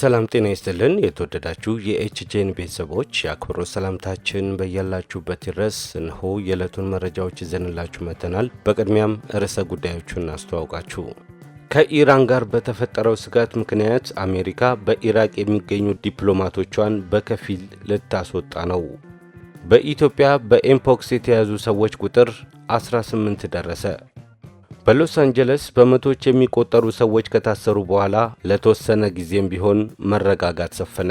ሰላም ጤና ይስጥልን። የተወደዳችሁ የኤችጄን ቤተሰቦች የአክብሮት ሰላምታችን በያላችሁበት ድረስ እንሆ የዕለቱን መረጃዎች ይዘንላችሁ መተናል። በቅድሚያም ርዕሰ ጉዳዮቹን አስተዋውቃችሁ ከኢራን ጋር በተፈጠረው ስጋት ምክንያት አሜሪካ በኢራቅ የሚገኙ ዲፕሎማቶቿን በከፊል ልታስወጣ ነው። በኢትዮጵያ በኤምፖክስ የተያዙ ሰዎች ቁጥር 18 ደረሰ። በሎስ አንጀለስ በመቶዎች የሚቆጠሩ ሰዎች ከታሰሩ በኋላ ለተወሰነ ጊዜም ቢሆን መረጋጋት ሰፈነ።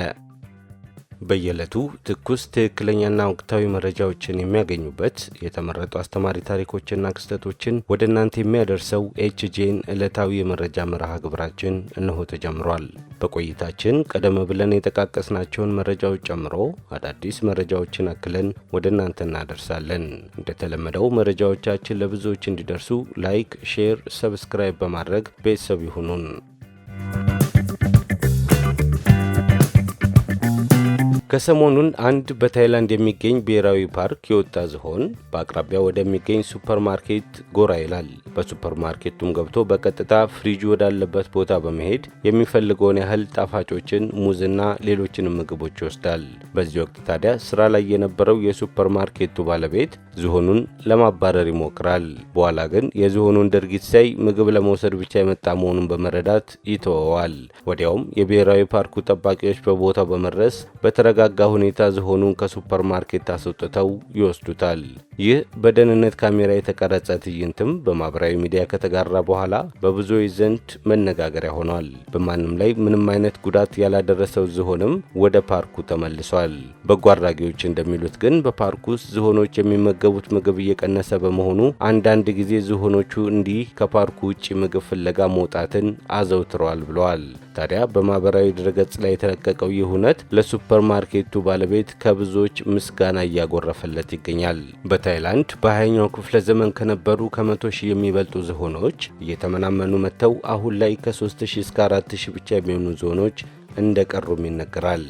በየዕለቱ ትኩስ ትክክለኛና ወቅታዊ መረጃዎችን የሚያገኙበት የተመረጡ አስተማሪ ታሪኮችና ክስተቶችን ወደ እናንተ የሚያደርሰው ኤችጄን ዕለታዊ የመረጃ መርሃ ግብራችን እነሆ ተጀምሯል። በቆይታችን ቀደም ብለን የጠቃቀስናቸውን መረጃዎች ጨምሮ አዳዲስ መረጃዎችን አክለን ወደ እናንተ እናደርሳለን። እንደተለመደው መረጃዎቻችን ለብዙዎች እንዲደርሱ ላይክ፣ ሼር፣ ሰብስክራይብ በማድረግ ቤተሰብ ይሁኑን። ከሰሞኑን አንድ በታይላንድ የሚገኝ ብሔራዊ ፓርክ የወጣ ዝሆን በአቅራቢያ ወደሚገኝ ሱፐርማርኬት ጎራ ይላል። በሱፐርማርኬቱም ገብቶ በቀጥታ ፍሪጅ ወዳለበት ቦታ በመሄድ የሚፈልገውን ያህል ጣፋጮችን፣ ሙዝና ሌሎችንም ምግቦች ይወስዳል። በዚህ ወቅት ታዲያ ስራ ላይ የነበረው የሱፐርማርኬቱ ባለቤት ዝሆኑን ለማባረር ይሞክራል። በኋላ ግን የዝሆኑን ድርጊት ሳይ ምግብ ለመውሰድ ብቻ የመጣ መሆኑን በመረዳት ይተወዋል። ወዲያውም የብሔራዊ ፓርኩ ጠባቂዎች በቦታው በመድረስ በተረ በተረጋጋ ሁኔታ ዝሆኑን ከሱፐርማርኬት አስወጥተው ይወስዱታል። ይህ በደህንነት ካሜራ የተቀረጸ ትዕይንትም በማኅበራዊ ሚዲያ ከተጋራ በኋላ በብዙዎች ዘንድ መነጋገሪያ ሆኗል። በማንም ላይ ምንም አይነት ጉዳት ያላደረሰው ዝሆንም ወደ ፓርኩ ተመልሷል። በጎ አድራጊዎች እንደሚሉት ግን በፓርኩ ውስጥ ዝሆኖች የሚመገቡት ምግብ እየቀነሰ በመሆኑ አንዳንድ ጊዜ ዝሆኖቹ እንዲህ ከፓርኩ ውጭ ምግብ ፍለጋ መውጣትን አዘውትረዋል ብለዋል። ታዲያ በማኅበራዊ ድረገጽ ላይ የተለቀቀው ይህ እውነት ለሱፐርማርኬት የማርኬቱ ባለቤት ከብዙዎች ምስጋና እያጎረፈለት ይገኛል። በታይላንድ በሃያኛው ክፍለ ዘመን ከነበሩ ከመቶ ሺህ የሚበልጡ ዝሆኖች እየተመናመኑ መጥተው አሁን ላይ ከ3 እስከ 4 ብቻ የሚሆኑ ዝሆኖች እንደቀሩም ይነገራል።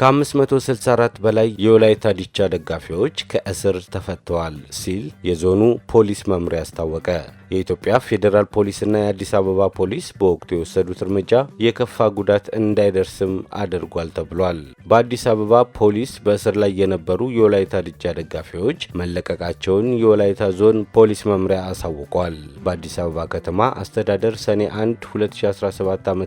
ከ564 በላይ የወላይታ ዲቻ ደጋፊዎች ከእስር ተፈተዋል ሲል የዞኑ ፖሊስ መምሪያ አስታወቀ። የኢትዮጵያ ፌዴራል ፖሊስና የአዲስ አበባ ፖሊስ በወቅቱ የወሰዱት እርምጃ የከፋ ጉዳት እንዳይደርስም አድርጓል ተብሏል። በአዲስ አበባ ፖሊስ በእስር ላይ የነበሩ የወላይታ ድቻ ደጋፊዎች መለቀቃቸውን የወላይታ ዞን ፖሊስ መምሪያ አሳውቋል። በአዲስ አበባ ከተማ አስተዳደር ሰኔ 1 2017 ዓ ም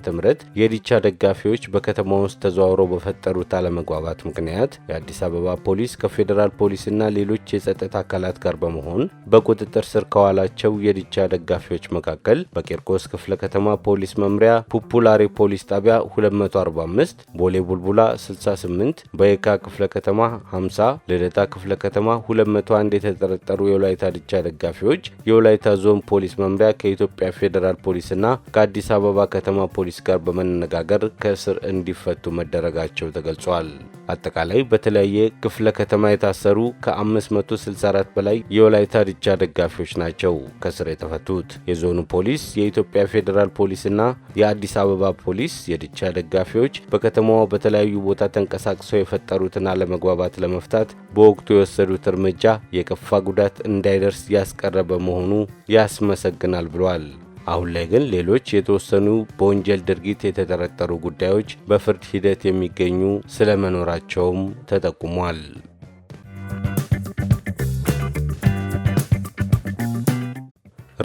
የድቻ ደጋፊዎች በከተማ ውስጥ ተዘዋውረው በፈጠሩት አለመግባባት ምክንያት የአዲስ አበባ ፖሊስ ከፌዴራል ፖሊስና ሌሎች የጸጥታ አካላት ጋር በመሆን በቁጥጥር ስር ከዋላቸው የድ ኢቻ ደጋፊዎች መካከል በቂርቆስ ክፍለ ከተማ ፖሊስ መምሪያ ፑፑላሪ ፖሊስ ጣቢያ 245፣ ቦሌ ቡልቡላ 68፣ በየካ ክፍለ ከተማ 50፣ ልደታ ክፍለ ከተማ 201 የተጠረጠሩ የወላይታ ድቻ ደጋፊዎች የወላይታ ዞን ፖሊስ መምሪያ ከኢትዮጵያ ፌዴራል ፖሊስና ከአዲስ አበባ ከተማ ፖሊስ ጋር በመነጋገር ከእስር እንዲፈቱ መደረጋቸው ተገልጿል። አጠቃላይ በተለያየ ክፍለ ከተማ የታሰሩ ከ564 በላይ የወላይታ ድቻ ደጋፊዎች ናቸው ከስር የተፈቱት። የዞኑ ፖሊስ፣ የኢትዮጵያ ፌዴራል ፖሊስና የአዲስ አበባ ፖሊስ የድቻ ደጋፊዎች በከተማዋ በተለያዩ ቦታ ተንቀሳቅሰው የፈጠሩትን አለመግባባት ለመፍታት በወቅቱ የወሰዱት እርምጃ የከፋ ጉዳት እንዳይደርስ ያስቀረ በመሆኑ ያስመሰግናል ብሏል። አሁን ላይ ግን ሌሎች የተወሰኑ በወንጀል ድርጊት የተጠረጠሩ ጉዳዮች በፍርድ ሂደት የሚገኙ ስለመኖራቸውም ተጠቁሟል።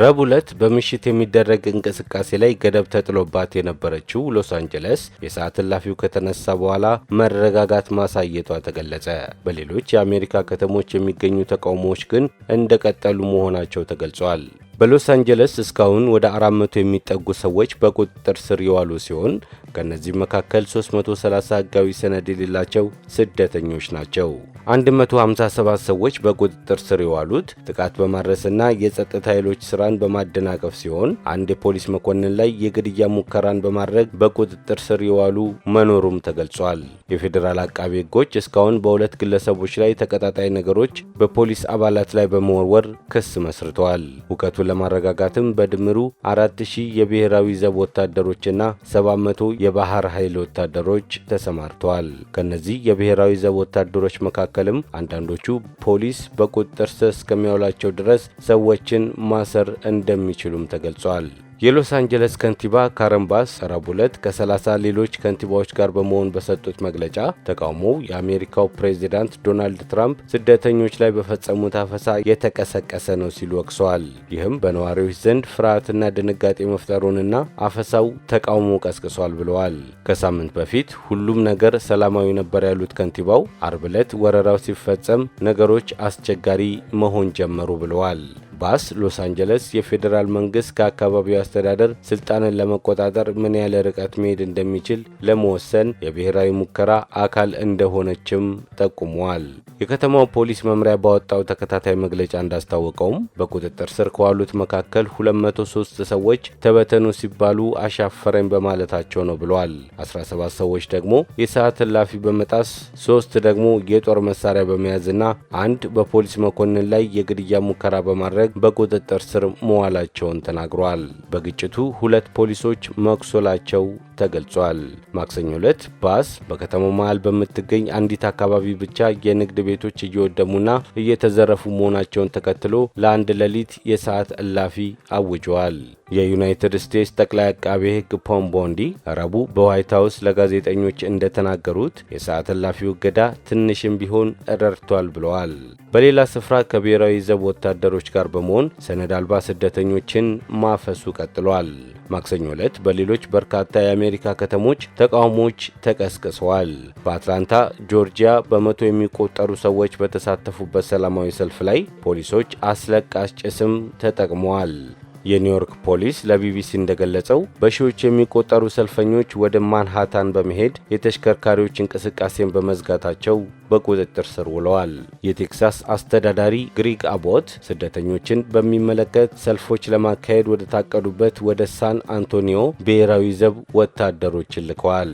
ረብ ዕለት በምሽት የሚደረግ እንቅስቃሴ ላይ ገደብ ተጥሎባት የነበረችው ሎስ አንጀለስ የሰዓት እላፊው ከተነሳ በኋላ መረጋጋት ማሳየቷ ተገለጸ። በሌሎች የአሜሪካ ከተሞች የሚገኙ ተቃውሞዎች ግን እንደቀጠሉ መሆናቸው ተገልጿል። በሎስ አንጀለስ እስካሁን ወደ 400 የሚጠጉ ሰዎች በቁጥጥር ስር የዋሉ ሲሆን ከእነዚህ መካከል 330 ህጋዊ ሰነድ የሌላቸው ስደተኞች ናቸው። 157 ሰዎች በቁጥጥር ስር የዋሉት ጥቃት በማድረስና የጸጥታ ኃይሎች ስራን በማደናቀፍ ሲሆን አንድ የፖሊስ መኮንን ላይ የግድያ ሙከራን በማድረግ በቁጥጥር ስር የዋሉ መኖሩም ተገልጿል። የፌዴራል አቃቢ ሕጎች እስካሁን በሁለት ግለሰቦች ላይ ተቀጣጣይ ነገሮች በፖሊስ አባላት ላይ በመወርወር ክስ መስርተዋል። እውቀቱ ለማረጋጋትም በድምሩ 4000 የብሔራዊ ዘብ ወታደሮችና 700 የባህር ኃይል ወታደሮች ተሰማርተዋል። ከነዚህ የብሔራዊ ዘብ ወታደሮች መካከልም አንዳንዶቹ ፖሊስ በቁጥጥር ስር እስከሚያውላቸው ድረስ ሰዎችን ማሰር እንደሚችሉም ተገልጿል። የሎስ አንጀለስ ከንቲባ ካረን ባስ ረቡዕ ዕለት ከ30 ሌሎች ከንቲባዎች ጋር በመሆን በሰጡት መግለጫ ተቃውሞው የአሜሪካው ፕሬዚዳንት ዶናልድ ትራምፕ ስደተኞች ላይ በፈጸሙት አፈሳ የተቀሰቀሰ ነው ሲሉ ወቅሰዋል። ይህም በነዋሪዎች ዘንድ ፍርሃትና ድንጋጤ መፍጠሩንና አፈሳው ተቃውሞ ቀስቅሷል ብለዋል። ከሳምንት በፊት ሁሉም ነገር ሰላማዊ ነበር ያሉት ከንቲባው አርብ ዕለት ወረራው ሲፈጸም ነገሮች አስቸጋሪ መሆን ጀመሩ ብለዋል። ባስ ሎስ አንጀለስ የፌዴራል መንግስት ከአካባቢው አስተዳደር ስልጣንን ለመቆጣጠር ምን ያለ ርቀት መሄድ እንደሚችል ለመወሰን የብሔራዊ ሙከራ አካል እንደሆነችም ጠቁመዋል። የከተማው ፖሊስ መምሪያ ባወጣው ተከታታይ መግለጫ እንዳስታወቀውም በቁጥጥር ስር ከዋሉት መካከል 203 ሰዎች ተበተኑ ሲባሉ አሻፈረኝ በማለታቸው ነው ብለዋል። 17 ሰዎች ደግሞ የሰዓት እላፊ በመጣስ ሶስት ደግሞ የጦር መሳሪያ በመያዝና አንድ በፖሊስ መኮንን ላይ የግድያ ሙከራ በማድረግ በቁጥጥር ስር መዋላቸውን ተናግሯል። በግጭቱ ሁለት ፖሊሶች መቁሰላቸው ተገልጿል። ማክሰኞ ዕለት ባስ በከተማው መሃል በምትገኝ አንዲት አካባቢ ብቻ የንግድ ቤቶች እየወደሙና እየተዘረፉ መሆናቸውን ተከትሎ ለአንድ ሌሊት የሰዓት እላፊ አውጀዋል። የዩናይትድ ስቴትስ ጠቅላይ አቃቤ ሕግ ፖም ቦንዲ ረቡዕ በዋይት ሀውስ ለጋዜጠኞች እንደተናገሩት የሰዓት እላፊው እገዳ ትንሽም ቢሆን ረድቷል ብለዋል። በሌላ ስፍራ ከብሔራዊ ዘብ ወታደሮች ጋር በመሆን ሰነድ አልባ ስደተኞችን ማፈሱ ቀጥሏል። ማክሰኞ ዕለት በሌሎች በርካታ የአሜሪ የአሜሪካ ከተሞች ተቃውሞዎች ተቀስቅሰዋል። በአትላንታ ጆርጂያ በመቶ የሚቆጠሩ ሰዎች በተሳተፉበት ሰላማዊ ሰልፍ ላይ ፖሊሶች አስለቃሽ ጭስም ተጠቅመዋል። የኒውዮርክ ፖሊስ ለቢቢሲ እንደገለጸው በሺዎች የሚቆጠሩ ሰልፈኞች ወደ ማንሃታን በመሄድ የተሽከርካሪዎች እንቅስቃሴን በመዝጋታቸው በቁጥጥር ስር ውለዋል። የቴክሳስ አስተዳዳሪ ግሪግ አቦት ስደተኞችን በሚመለከት ሰልፎች ለማካሄድ ወደ ታቀዱበት ወደ ሳን አንቶኒዮ ብሔራዊ ዘብ ወታደሮችን ልከዋል።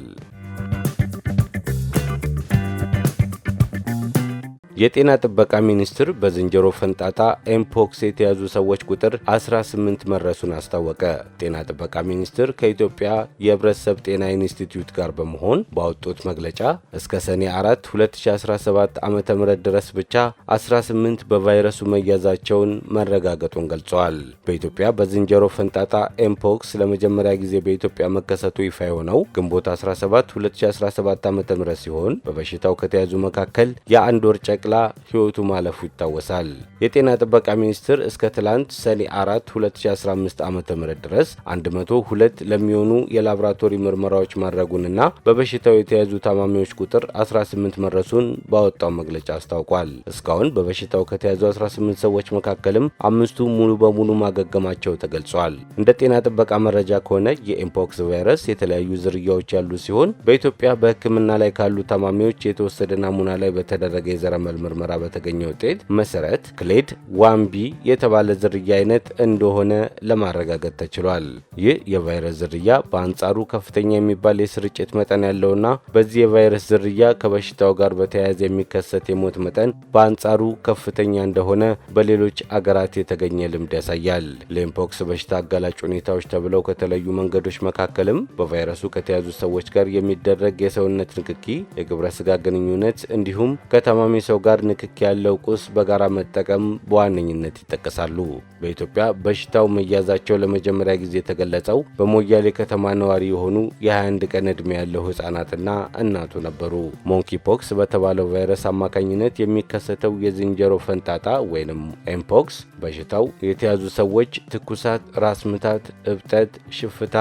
የጤና ጥበቃ ሚኒስቴር በዝንጀሮ ፈንጣጣ ኤምፖክስ የተያዙ ሰዎች ቁጥር 18 መድረሱን አስታወቀ። ጤና ጥበቃ ሚኒስቴር ከኢትዮጵያ የሕብረተሰብ ጤና ኢንስቲትዩት ጋር በመሆን ባወጡት መግለጫ እስከ ሰኔ 4 2017 ዓ ም ድረስ ብቻ 18 በቫይረሱ መያዛቸውን መረጋገጡን ገልጸዋል። በኢትዮጵያ በዝንጀሮ ፈንጣጣ ኤምፖክስ ለመጀመሪያ ጊዜ በኢትዮጵያ መከሰቱ ይፋ የሆነው ግንቦት 17 2017 ዓ ም ሲሆን በበሽታው ከተያዙ መካከል የአንድ ወር ጨቅ ተሰቅላ ሕይወቱ ማለፉ ይታወሳል። የጤና ጥበቃ ሚኒስቴር እስከ ትላንት ሰኔ 4 2015 ዓ ም ድረስ 102 ለሚሆኑ የላቦራቶሪ ምርመራዎች ማድረጉንና በበሽታው የተያዙ ታማሚዎች ቁጥር 18 መድረሱን ባወጣው መግለጫ አስታውቋል። እስካሁን በበሽታው ከተያዙ 18 ሰዎች መካከልም አምስቱ ሙሉ በሙሉ ማገገማቸው ተገልጿል። እንደ ጤና ጥበቃ መረጃ ከሆነ የኢምፖክስ ቫይረስ የተለያዩ ዝርያዎች ያሉ ሲሆን በኢትዮጵያ በሕክምና ላይ ካሉ ታማሚዎች የተወሰደ ናሙና ላይ በተደረገ የዘረመል ምርመራ በተገኘ ውጤት መሰረት ክሌድ ዋምቢ የተባለ ዝርያ አይነት እንደሆነ ለማረጋገጥ ተችሏል። ይህ የቫይረስ ዝርያ በአንጻሩ ከፍተኛ የሚባል የስርጭት መጠን ያለውና በዚህ የቫይረስ ዝርያ ከበሽታው ጋር በተያያዘ የሚከሰት የሞት መጠን በአንጻሩ ከፍተኛ እንደሆነ በሌሎች አገራት የተገኘ ልምድ ያሳያል። ሌምፖክስ በሽታ አጋላጭ ሁኔታዎች ተብለው ከተለዩ መንገዶች መካከልም በቫይረሱ ከተያዙ ሰዎች ጋር የሚደረግ የሰውነት ንክኪ፣ የግብረ ስጋ ግንኙነት እንዲሁም ከታማሚ ሰው ጋር ንክክ ያለው ቁስ በጋራ መጠቀም በዋነኝነት ይጠቀሳሉ። በኢትዮጵያ በሽታው መያዛቸው ለመጀመሪያ ጊዜ የተገለጸው በሞያሌ ከተማ ነዋሪ የሆኑ የ21 ቀን ዕድሜ ያለው ሕፃናትና እናቱ ነበሩ። ሞንኪ ፖክስ በተባለው ቫይረስ አማካኝነት የሚከሰተው የዝንጀሮ ፈንጣጣ ወይም ኤምፖክስ በሽታው የተያዙ ሰዎች ትኩሳት፣ ራስ ምታት፣ እብጠት፣ ሽፍታ፣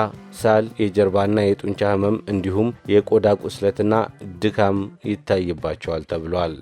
ሳል፣ የጀርባና የጡንቻ ህመም እንዲሁም የቆዳ ቁስለትና ድካም ይታይባቸዋል ተብሏል።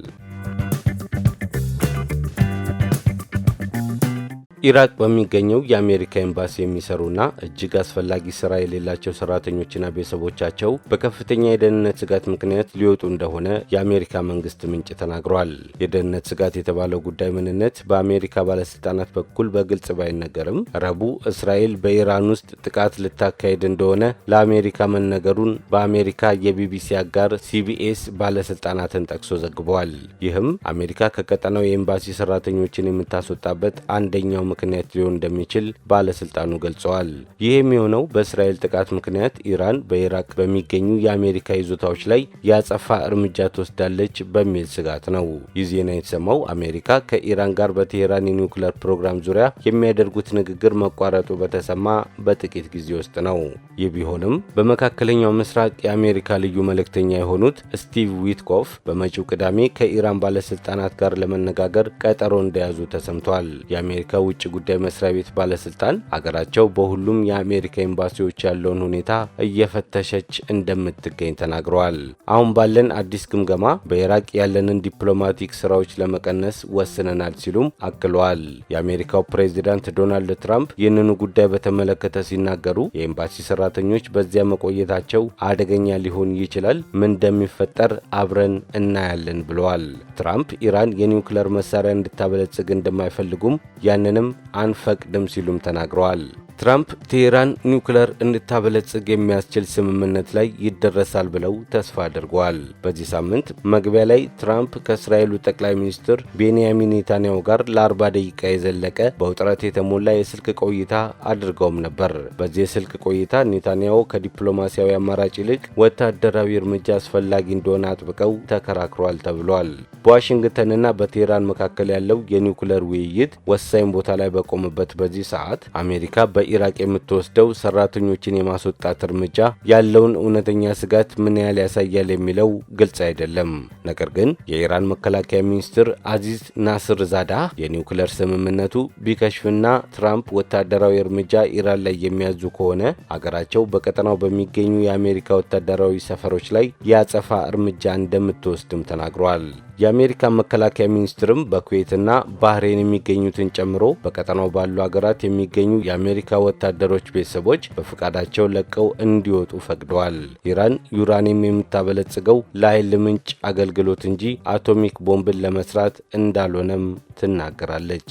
ኢራቅ በሚገኘው የአሜሪካ ኤምባሲ የሚሰሩና እጅግ አስፈላጊ ስራ የሌላቸው ሰራተኞችና ቤተሰቦቻቸው በከፍተኛ የደህንነት ስጋት ምክንያት ሊወጡ እንደሆነ የአሜሪካ መንግስት ምንጭ ተናግሯል። የደህንነት ስጋት የተባለው ጉዳይ ምንነት በአሜሪካ ባለስልጣናት በኩል በግልጽ ባይነገርም ረቡዕ እስራኤል በኢራን ውስጥ ጥቃት ልታካሄድ እንደሆነ ለአሜሪካ መነገሩን በአሜሪካ የቢቢሲ አጋር ሲቢኤስ ባለስልጣናትን ጠቅሶ ዘግቧል። ይህም አሜሪካ ከቀጠናው የኤምባሲ ሰራተኞችን የምታስወጣበት አንደኛው ምክንያት ሊሆን እንደሚችል ባለስልጣኑ ገልጸዋል። ይህ የሚሆነው በእስራኤል ጥቃት ምክንያት ኢራን በኢራቅ በሚገኙ የአሜሪካ ይዞታዎች ላይ ያጸፋ እርምጃ ትወስዳለች በሚል ስጋት ነው። ይህ ዜና የተሰማው አሜሪካ ከኢራን ጋር በቴሄራን የኒውክሌር ፕሮግራም ዙሪያ የሚያደርጉት ንግግር መቋረጡ በተሰማ በጥቂት ጊዜ ውስጥ ነው። ይህ ቢሆንም በመካከለኛው ምስራቅ የአሜሪካ ልዩ መልእክተኛ የሆኑት ስቲቭ ዊትኮፍ በመጪው ቅዳሜ ከኢራን ባለስልጣናት ጋር ለመነጋገር ቀጠሮ እንደያዙ ተሰምቷል። የአሜሪካ ውጭ ጉዳይ መስሪያ ቤት ባለስልጣን አገራቸው በሁሉም የአሜሪካ ኤምባሲዎች ያለውን ሁኔታ እየፈተሸች እንደምትገኝ ተናግረዋል። አሁን ባለን አዲስ ግምገማ በኢራቅ ያለንን ዲፕሎማቲክ ስራዎች ለመቀነስ ወስነናል ሲሉም አክለዋል። የአሜሪካው ፕሬዚዳንት ዶናልድ ትራምፕ ይህንኑ ጉዳይ በተመለከተ ሲናገሩ የኤምባሲ ሰራተኞች በዚያ መቆየታቸው አደገኛ ሊሆን ይችላል፣ ምን እንደሚፈጠር አብረን እናያለን ብለዋል። ትራምፕ ኢራን የኒውክለር መሳሪያ እንድታበለጽግ እንደማይፈልጉም ያንንም አንፈቅድም ሲሉም ተናግረዋል። ትራምፕ ቴሄራን ኒውክለር እንድታበለጽግ የሚያስችል ስምምነት ላይ ይደረሳል ብለው ተስፋ አድርገዋል። በዚህ ሳምንት መግቢያ ላይ ትራምፕ ከእስራኤሉ ጠቅላይ ሚኒስትር ቤንያሚን ኔታንያሁ ጋር ለአርባ ደቂቃ የዘለቀ በውጥረት የተሞላ የስልክ ቆይታ አድርገውም ነበር። በዚህ የስልክ ቆይታ ኔታንያሁ ከዲፕሎማሲያዊ አማራጭ ይልቅ ወታደራዊ እርምጃ አስፈላጊ እንደሆነ አጥብቀው ተከራክሯል ተብሏል። በዋሽንግተንና በቴሄራን መካከል ያለው የኒውክለር ውይይት ወሳኝ ቦታ ላይ በቆመበት በዚህ ሰዓት አሜሪካ በ ኢራቅ የምትወስደው ሰራተኞችን የማስወጣት እርምጃ ያለውን እውነተኛ ስጋት ምን ያህል ያሳያል የሚለው ግልጽ አይደለም። ነገር ግን የኢራን መከላከያ ሚኒስትር አዚዝ ናስር ዛዳ የኒውክለር ስምምነቱ ቢከሽፍና ትራምፕ ወታደራዊ እርምጃ ኢራን ላይ የሚያዙ ከሆነ አገራቸው በቀጠናው በሚገኙ የአሜሪካ ወታደራዊ ሰፈሮች ላይ የአጸፋ እርምጃ እንደምትወስድም ተናግሯል። የአሜሪካ መከላከያ ሚኒስትርም በኩዌትና ባህሬን የሚገኙትን ጨምሮ በቀጠናው ባሉ ሀገራት የሚገኙ የአሜሪካ ወታደሮች ቤተሰቦች በፈቃዳቸው ለቀው እንዲወጡ ፈቅደዋል። ኢራን ዩራኒየም የምታበለጽገው ለኃይል ምንጭ አገልግሎት እንጂ አቶሚክ ቦምብን ለመስራት እንዳልሆነም ትናገራለች።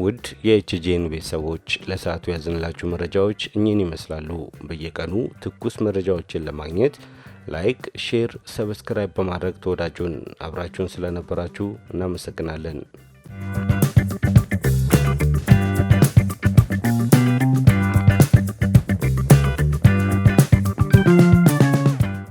ውድ የኤችጄን ቤተሰቦች ለሰዓቱ ያዝንላችሁ መረጃዎች እኚህን ይመስላሉ። በየቀኑ ትኩስ መረጃዎችን ለማግኘት ላይክ፣ ሼር፣ ሰብስክራይብ በማድረግ ተወዳጁን አብራችሁን ስለነበራችሁ እናመሰግናለን።